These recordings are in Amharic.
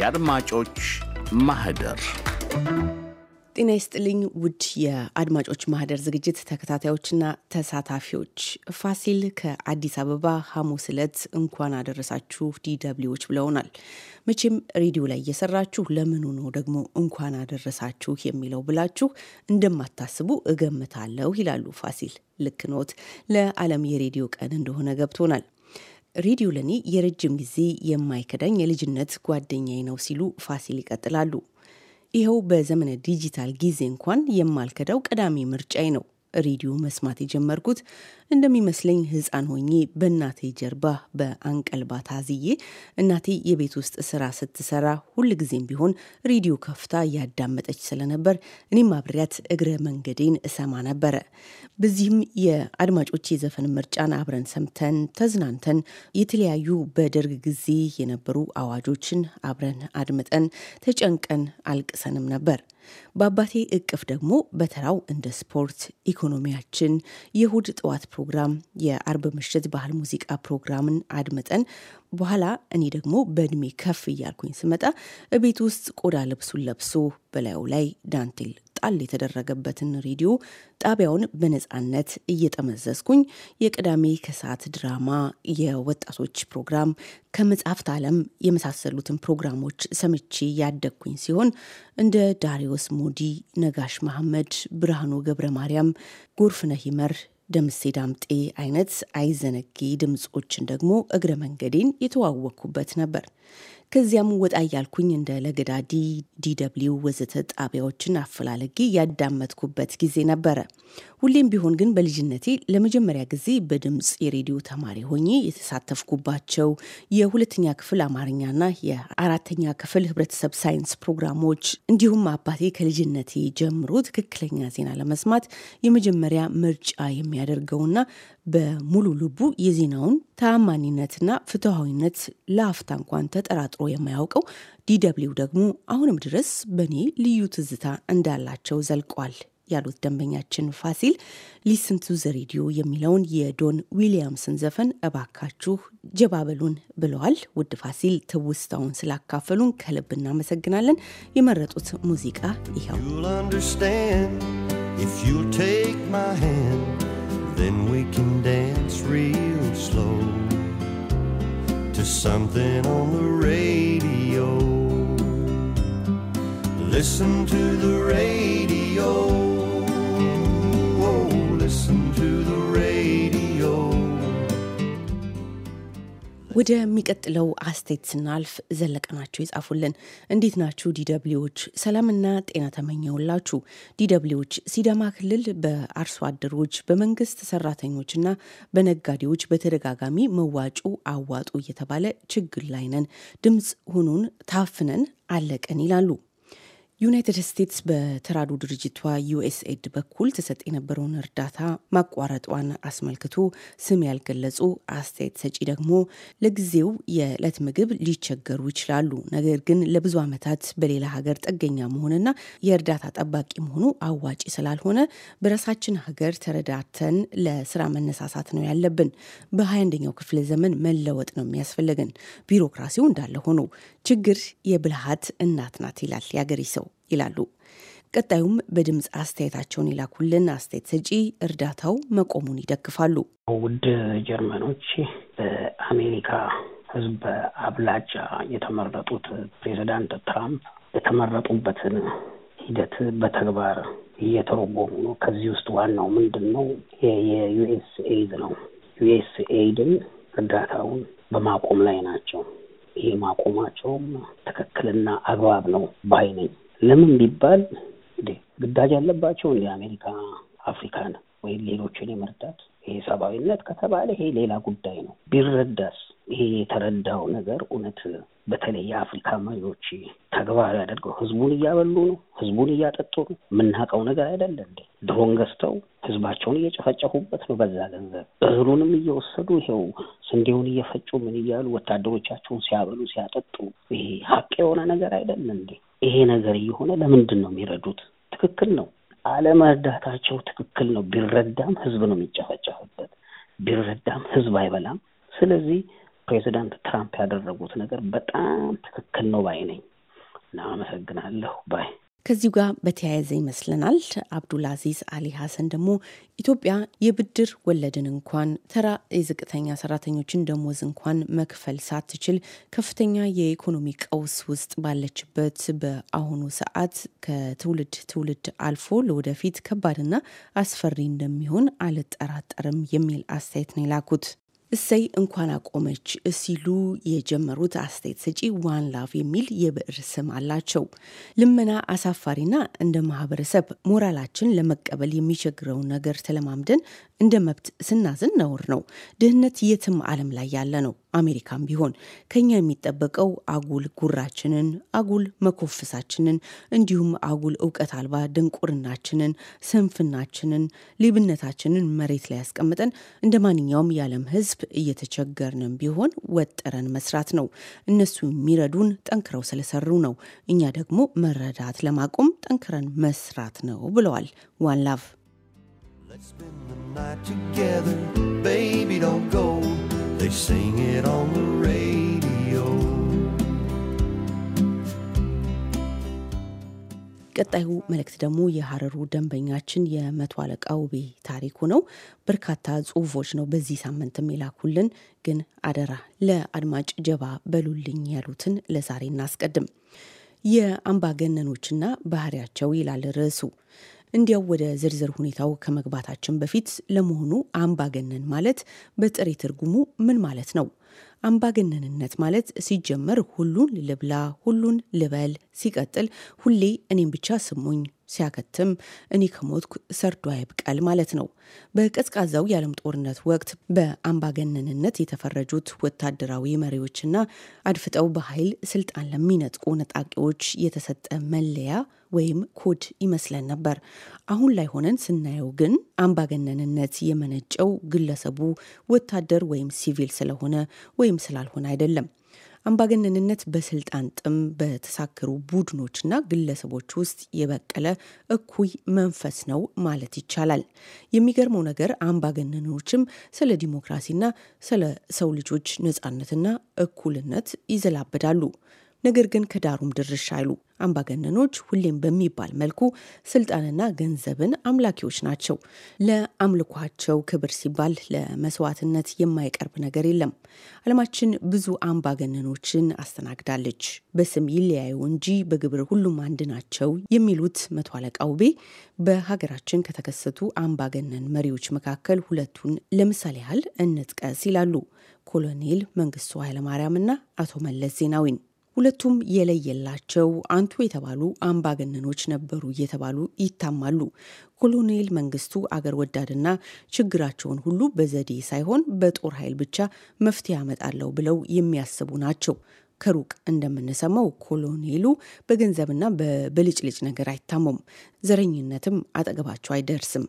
የአድማጮች ማህደር ጤና ይስጥልኝ ውድ የአድማጮች ማህደር ዝግጅት ተከታታዮችና ተሳታፊዎች፣ ፋሲል ከአዲስ አበባ ሐሙስ ዕለት እንኳን አደረሳችሁ ዲደብሊዎች ብለውናል። መቼም ሬዲዮ ላይ እየሰራችሁ ለምኑ ነው ደግሞ እንኳን አደረሳችሁ የሚለው ብላችሁ እንደማታስቡ እገምታለሁ ይላሉ ፋሲል። ልክኖት ለዓለም የሬዲዮ ቀን እንደሆነ ገብቶናል። ለኔ የረጅም ጊዜ የማይከዳኝ የልጅነት ጓደኛዬ ነው ሲሉ ፋሲል ይቀጥላሉ። ይኸው በዘመነ ዲጂታል ጊዜ እንኳን የማልከዳው ቀዳሚ ምርጫዬ ነው። ሬዲዮ መስማት የጀመርኩት እንደሚመስለኝ ህፃን ሆኜ በእናቴ ጀርባ በአንቀልባ ታዝዬ እናቴ የቤት ውስጥ ስራ ስትሰራ ጊዜም ቢሆን ሬዲዮ ከፍታ ያዳመጠች ስለነበር እኔም አብሬያት እግረ መንገዴን እሰማ ነበረ። በዚህም የአድማጮች የዘፈን ምርጫን አብረን ሰምተን ተዝናንተን የተለያዩ በደርግ ጊዜ የነበሩ አዋጆችን አብረን አድምጠን ተጨንቀን አልቅሰንም ነበር። በአባቴ እቅፍ ደግሞ በተራው እንደ ስፖርት፣ ኢኮኖሚያችን፣ የእሁድ ጠዋት ፕሮግራም፣ የአርብ ምሽት ባህል ሙዚቃ ፕሮግራምን አድምጠን በኋላ እኔ ደግሞ በእድሜ ከፍ እያልኩኝ ስመጣ ቤት ውስጥ ቆዳ ልብሱን ለብሶ በላዩ ላይ ዳንቴል ጣል የተደረገበትን ሬዲዮ ጣቢያውን በነፃነት እየጠመዘዝኩኝ የቅዳሜ ከሰዓት ድራማ፣ የወጣቶች ፕሮግራም፣ ከመጽሐፍት ዓለም የመሳሰሉትን ፕሮግራሞች ሰምቼ ያደግኩኝ ሲሆን እንደ ዳሪዮስ ሞዲ፣ ነጋሽ መሐመድ፣ ብርሃኑ ገብረ ማርያም፣ ጎርፍነህ ይመር ደምሴ ዳምጤ አይነት አይዘነጌ ድምፆችን ደግሞ እግረ መንገዴን የተዋወቅኩበት ነበር። ከዚያም ወጣ እያልኩኝ እንደ ለገዳዲ፣ ዲደብሊው ወዘተ ጣቢያዎችን አፈላልጌ ያዳመጥኩበት ጊዜ ነበረ። ሁሌም ቢሆን ግን በልጅነቴ ለመጀመሪያ ጊዜ በድምፅ የሬዲዮ ተማሪ ሆኜ የተሳተፍኩባቸው የሁለተኛ ክፍል አማርኛና የአራተኛ ክፍል ህብረተሰብ ሳይንስ ፕሮግራሞች እንዲሁም አባቴ ከልጅነቴ ጀምሮ ትክክለኛ ዜና ለመስማት የመጀመሪያ ምርጫ የሚያደርገውና በሙሉ ልቡ የዜናውን ተአማኒነትና ፍትሐዊነት ለአፍታ እንኳን ተጠራጥሮ የማያውቀው ዲደብሊው ደግሞ አሁንም ድረስ በእኔ ልዩ ትዝታ እንዳላቸው ዘልቋል ያሉት ደንበኛችን ፋሲል ሊስን ቱ ዘ ሬዲዮ የሚለውን የዶን ዊሊያምስን ዘፈን እባካችሁ ጀባበሉን ብለዋል። ውድ ፋሲል ትውስታውን ስላካፈሉን ከልብ እናመሰግናለን። የመረጡት ሙዚቃ ይኸው። Then we can dance real slow to something on the radio. Listen to the radio. Oh, listen to the radio. ወደሚቀጥለው አስተያየት ስናልፍ ዘለቀ ናቸው ይጻፉልን። እንዴት ናችሁ ዲደብሊዎች? ሰላምና ጤና ተመኘውላችሁ። ዲደብሊዎች ሲዳማ ክልል በአርሶ አደሮች በመንግስት ሰራተኞችና በነጋዴዎች በተደጋጋሚ መዋጩ አዋጡ እየተባለ ችግር ላይ ነን። ድምፅ ሁኑን፣ ታፍነን አለቀን ይላሉ። ዩናይትድ ስቴትስ በተራዱ ድርጅቷ ዩኤስኤድ በኩል ትሰጥ የነበረውን እርዳታ ማቋረጧን አስመልክቶ ስም ያልገለጹ አስተያየት ሰጪ ደግሞ ለጊዜው የዕለት ምግብ ሊቸገሩ ይችላሉ፣ ነገር ግን ለብዙ ዓመታት በሌላ ሀገር ጥገኛ መሆንና የእርዳታ ጠባቂ መሆኑ አዋጪ ስላልሆነ በራሳችን ሀገር ተረዳተን ለስራ መነሳሳት ነው ያለብን። በ21ኛው ክፍለ ዘመን መለወጥ ነው የሚያስፈልገን። ቢሮክራሲው እንዳለ ሆኖ ችግር የብልሃት እናት ናት ይላል ያገሬ ሰው። ይላሉ። ቀጣዩም በድምፅ አስተያየታቸውን ይላኩልን አስተያየት ሰጪ እርዳታው መቆሙን ይደግፋሉ። ውድ ጀርመኖች በአሜሪካ ሕዝብ በአብላጫ የተመረጡት ፕሬዚዳንት ትራምፕ የተመረጡበትን ሂደት በተግባር እየተረጎሙ ነው። ከዚህ ውስጥ ዋናው ምንድን ነው? የዩኤስ ኤድ ነው። ዩኤስ ኤድን እርዳታውን በማቆም ላይ ናቸው። ይህ ማቆማቸውም ትክክልና አግባብ ነው ባይ ነኝ። ለምን ቢባል እንዴ ግዳጅ ያለባቸው እንደ አሜሪካ አፍሪካን ወይም ሌሎችን የመርዳት ይሄ ሰብአዊነት ከተባለ ይሄ ሌላ ጉዳይ ነው። ቢረዳስ ይሄ የተረዳው ነገር እውነት በተለይ የአፍሪካ መሪዎች ተግባር ያደርገው ህዝቡን እያበሉ ነው፣ ህዝቡን እያጠጡ ነው። የምናውቀው ነገር አይደለ እንዴ? ድሮን ገዝተው ህዝባቸውን እየጨፈጨፉበት ነው። በዛ ገንዘብ እህሉንም እየወሰዱ ይሄው ስንዴውን እየፈጩ ምን እያሉ ወታደሮቻቸውን ሲያበሉ ሲያጠጡ፣ ይሄ ሀቅ የሆነ ነገር አይደለም እንዴ? ይሄ ነገር እየሆነ ለምንድን ነው የሚረዱት? ትክክል ነው። አለመርዳታቸው ትክክል ነው። ቢረዳም ህዝብ ነው የሚጨፈጨፍበት፣ ቢረዳም ህዝብ አይበላም። ስለዚህ ፕሬዚዳንት ትራምፕ ያደረጉት ነገር በጣም ትክክል ነው ባይ ነኝ እና አመሰግናለሁ ባይ ከዚሁ ጋር በተያያዘ ይመስለናል አብዱል አዚዝ አሊ ሀሰን ደግሞ ኢትዮጵያ የብድር ወለድን እንኳን ተራ የዝቅተኛ ሰራተኞችን ደሞዝ እንኳን መክፈል ሳትችል ከፍተኛ የኢኮኖሚ ቀውስ ውስጥ ባለችበት በአሁኑ ሰዓት ከትውልድ ትውልድ አልፎ ለወደፊት ከባድና አስፈሪ እንደሚሆን አልጠራጠርም የሚል አስተያየት ነው የላኩት። እሰይ እንኳን አቆመች ሲሉ የጀመሩት አስተያየት ሰጪ ዋን ላቭ የሚል የብዕር ስም አላቸው። ልመና አሳፋሪና እንደ ማህበረሰብ ሞራላችን ለመቀበል የሚቸግረውን ነገር ተለማምደን እንደ መብት ስናዝን ነውር ነው። ድህነት የትም ዓለም ላይ ያለ ነው፣ አሜሪካም ቢሆን ከኛ የሚጠበቀው አጉል ጉራችንን፣ አጉል መኮፍሳችንን፣ እንዲሁም አጉል እውቀት አልባ ድንቁርናችንን፣ ስንፍናችንን፣ ሌብነታችንን መሬት ላይ ያስቀምጠን እንደ ማንኛውም የዓለም ህዝብ ህዝብ እየተቸገርንም ቢሆን ወጥረን መስራት ነው። እነሱ የሚረዱን ጠንክረው ስለሰሩ ነው። እኛ ደግሞ መረዳት ለማቆም ጠንክረን መስራት ነው ብለዋል ዋን ላቭ። together, baby don't go They sing it on the radio ቀጣዩ መልእክት ደግሞ የሀረሩ ደንበኛችን የመቶ አለቃ ውቤ ታሪኩ ነው። በርካታ ጽሁፎች ነው በዚህ ሳምንትም የላኩልን። ግን አደራ ለአድማጭ ጀባ በሉልኝ ያሉትን ለዛሬ እናስቀድም። የአምባገነኖችና ባህሪያቸው ይላል ርዕሱ። እንዲያው ወደ ዝርዝር ሁኔታው ከመግባታችን በፊት ለመሆኑ አምባገነን ማለት በጥሬ ትርጉሙ ምን ማለት ነው? አምባገነንነት ማለት ሲጀመር ሁሉን ልብላ፣ ሁሉን ልበል፣ ሲቀጥል ሁሌ እኔም ብቻ ስሙኝ፣ ሲያከትም እኔ ከሞትኩ ሰርዶ አይብቀል ማለት ነው። በቀዝቃዛው የዓለም ጦርነት ወቅት በአምባገነንነት የተፈረጁት ወታደራዊ መሪዎችና አድፍጠው በኃይል ስልጣን ለሚነጥቁ ነጣቂዎች የተሰጠ መለያ ወይም ኮድ ይመስለን ነበር። አሁን ላይ ሆነን ስናየው ግን አምባገነንነት የመነጨው ግለሰቡ ወታደር ወይም ሲቪል ስለሆነ ወይም ስላልሆነ አይደለም። አምባገነንነት በስልጣን ጥም በተሳከሩ ቡድኖችና ግለሰቦች ውስጥ የበቀለ እኩይ መንፈስ ነው ማለት ይቻላል። የሚገርመው ነገር አምባገነኖችም ስለ ዲሞክራሲና ስለ ሰው ልጆች ነጻነትና እኩልነት ይዘላበዳሉ። ነገር ግን ከዳሩም ድርሽ አይሉ። አምባገነኖች ሁሌም በሚባል መልኩ ስልጣንና ገንዘብን አምላኪዎች ናቸው። ለአምልኳቸው ክብር ሲባል ለመስዋዕትነት የማይቀርብ ነገር የለም። ዓለማችን ብዙ አምባገነኖችን አስተናግዳለች። በስም ይለያዩ እንጂ በግብር ሁሉም አንድ ናቸው የሚሉት መቶ አለቃ ውቤ በሀገራችን ከተከሰቱ አምባገነን መሪዎች መካከል ሁለቱን ለምሳሌ ያህል እንጥቀስ ይላሉ ኮሎኔል መንግስቱ ኃይለማርያምና አቶ መለስ ዜናዊን። ሁለቱም የለየላቸው አንቱ የተባሉ አምባገነኖች ነበሩ እየተባሉ ይታማሉ። ኮሎኔል መንግስቱ አገር ወዳድና ችግራቸውን ሁሉ በዘዴ ሳይሆን በጦር ኃይል ብቻ መፍትሄ ያመጣለሁ ብለው የሚያስቡ ናቸው። ከሩቅ እንደምንሰማው ኮሎኔሉ በገንዘብና በብልጭልጭ ነገር አይታሙም፣ ዘረኝነትም አጠገባቸው አይደርስም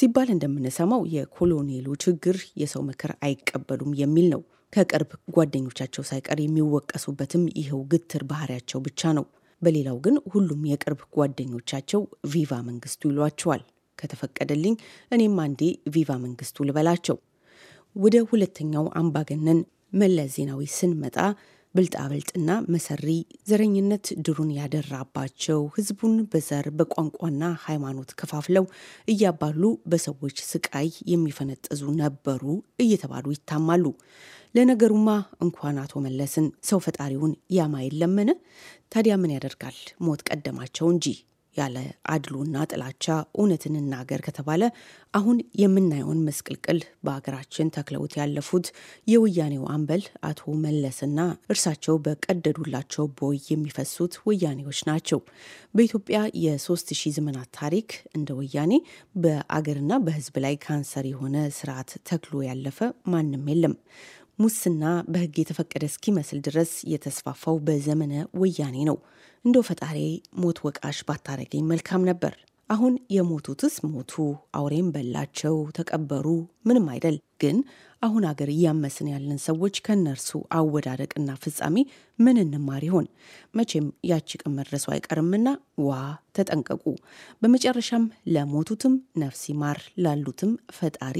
ሲባል እንደምንሰማው የኮሎኔሉ ችግር የሰው ምክር አይቀበሉም የሚል ነው። ከቅርብ ጓደኞቻቸው ሳይቀር የሚወቀሱበትም ይኸው ግትር ባህሪያቸው ብቻ ነው። በሌላው ግን ሁሉም የቅርብ ጓደኞቻቸው ቪቫ መንግስቱ ይሏቸዋል። ከተፈቀደልኝ እኔም አንዴ ቪቫ መንግስቱ ልበላቸው። ወደ ሁለተኛው አምባገነን መለስ ዜናዊ ስንመጣ ብልጣብልጥና መሰሪ ዘረኝነት ድሩን ያደራባቸው ህዝቡን በዘር በቋንቋና ሃይማኖት ከፋፍለው እያባሉ በሰዎች ስቃይ የሚፈነጥዙ ነበሩ እየተባሉ ይታማሉ። ለነገሩማ እንኳን አቶ መለስን ሰው ፈጣሪውን ያማ የለምን? ታዲያ ምን ያደርጋል ሞት ቀደማቸው እንጂ ያለ አድሎና ጥላቻ እውነትን እናገር ከተባለ አሁን የምናየውን መስቅልቅል በሀገራችን ተክለውት ያለፉት የወያኔው አምበል አቶ መለስና እርሳቸው በቀደዱላቸው ቦይ የሚፈሱት ወያኔዎች ናቸው። በኢትዮጵያ የሶስት ሺህ ዘመናት ታሪክ እንደ ወያኔ በአገርና በሕዝብ ላይ ካንሰር የሆነ ስርዓት ተክሎ ያለፈ ማንም የለም። ሙስና በህግ የተፈቀደ እስኪመስል ድረስ የተስፋፋው በዘመነ ወያኔ ነው። እንደው ፈጣሪ ሞት ወቃሽ ባታረገኝ መልካም ነበር። አሁን የሞቱትስ ሞቱ፣ አውሬም በላቸው፣ ተቀበሩ፣ ምንም አይደል። ግን አሁን አገር እያመስን ያለን ሰዎች ከእነርሱ አወዳደቅና ፍጻሜ ምን እንማር ይሆን? መቼም ያቺ ቀን መድረሱ አይቀርምና ዋ ተጠንቀቁ። በመጨረሻም ለሞቱትም ነፍስ ይማር፣ ላሉትም ፈጣሪ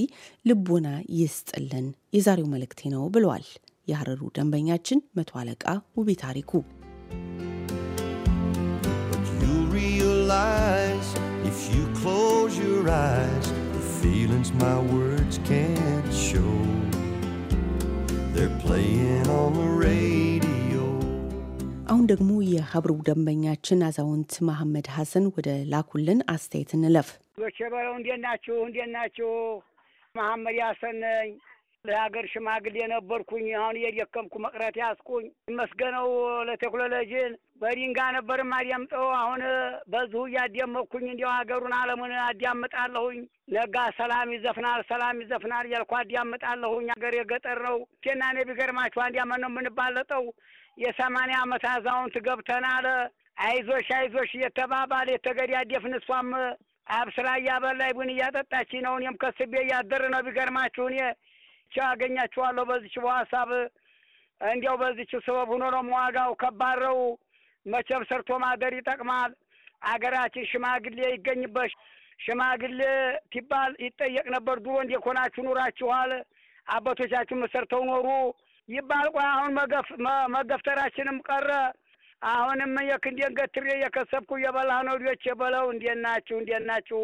ልቦና ይስጥልን የዛሬው መልእክቴ ነው ብለዋል የሀረሩ ደንበኛችን መቶ አለቃ ውቤ ታሪኩ። realize if you close your eyes, the feelings my words can't show. They're playing on the radio. አሁን ደግሞ የሀብሩ ደንበኛችን አዛውንት መሐመድ ሀሰን ወደ ላኩልን አስተያየት እንለፍ። ዶቸበረው እንዴት ናችሁ? እንዴት ናችሁ? መሐመድ ሀሰን ነኝ። ለሀገር ሽማግሌ ነበርኩኝ። አሁን እየደከምኩ መቅረት ያስቁኝ። መስገነው ለቴክኖሎጂን በዲንጋ ነበር የማዳምጠው። አሁን በዚሁ እያዳመኩኝ እንዲያው ሀገሩን ዓለሙን አዳምጣለሁኝ። ነጋ ሰላም ይዘፍናል፣ ሰላም ይዘፍናል እያልኩ አዳምጣለሁኝ። ሀገር የገጠር ነው። ቴና እኔ ቢገርማችሁ አንድ ያመት ነው የምንባለጠው። የሰማንያ አመት አዛውንት ገብተናል። አይዞሽ አይዞሽ እየተባባል የተገዳደፍን እሷም አብስራ እያበላይ ቡን እያጠጣች ነው። እኔም ከስቤ እያደር ነው። ቢገርማችሁ እኔ ቻው አገኛችኋለሁ በዚች በሀሳብ እንዲያው በዚች ስበብ ሁኖ ነው መዋጋው ከባረው መቼም ሰርቶ ማደር ይጠቅማል። አገራችን ሽማግሌ ይገኝበት። ሽማግሌ ሲባል ይጠየቅ ነበር። ድሮ እንዴት ኮናችሁ ኑራችኋል? አባቶቻችሁም ሰርተው ኖሩ ይባል። ቆይ አሁን መገፍተራችንም ቀረ። አሁንም የክንዴን ገትሬ የከሰብኩ የበላህ ነው ልጆች የበለው እንዴት ናችሁ? እንዴት ናችሁ?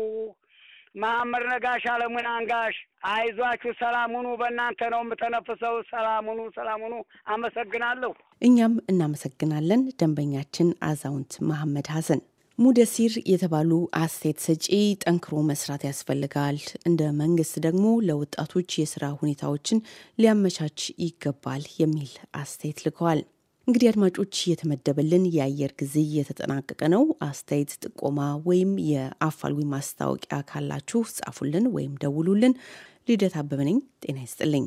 መሐመድ ነጋሽ፣ አለሙን አንጋሽ፣ አይዟችሁ፣ ሰላሙኑ በእናንተ ነው የምተነፍሰው። ሰላሙኑ ሰላሙኑ አመሰግናለሁ። እኛም እናመሰግናለን ደንበኛችን አዛውንት መሐመድ ሀሰን ሙደሲር የተባሉ አስተያየት ሰጪ ጠንክሮ መስራት ያስፈልጋል፣ እንደ መንግስት ደግሞ ለወጣቶች የስራ ሁኔታዎችን ሊያመቻች ይገባል የሚል አስተያየት ልከዋል። እንግዲህ አድማጮች እየተመደበልን የአየር ጊዜ እየተጠናቀቀ ነው። አስተያየት፣ ጥቆማ ወይም የአፋልዊ ማስታወቂያ ካላችሁ ጻፉልን ወይም ደውሉልን። ልደት አበበ ነኝ። ጤና ይስጥልኝ።